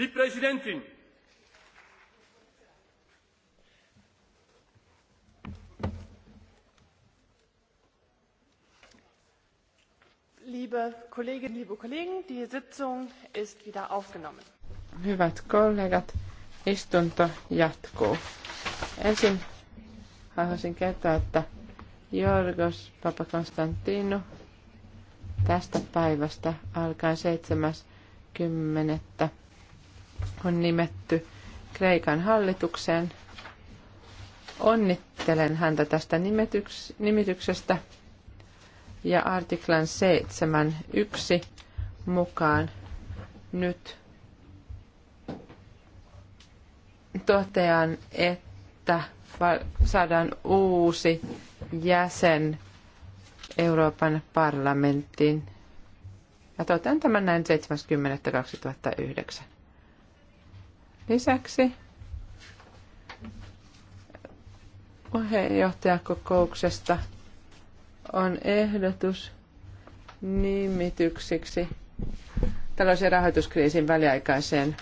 Die Präsidentin! Liebe Kolleginnen, liebe Kollegen, die Sitzung ist wieder aufgenommen. Hyvät kollegat, istunto jatkuu. Ensin haluaisin kertoa, että Jorgos Papakonstantinu tästä päivästä alkaen 70 on nimetty Kreikan hallitukseen. Onnittelen häntä tästä nimityksestä ja artiklan 7.1 mukaan nyt totean, että saadaan uusi jäsen Euroopan parlamenttiin. Ja totean tämän näin 70.2009. Lisäksi puheenjohtajakokouksesta on ehdotus nimityksiksi talous- ja rahoituskriisin väliaikaiseen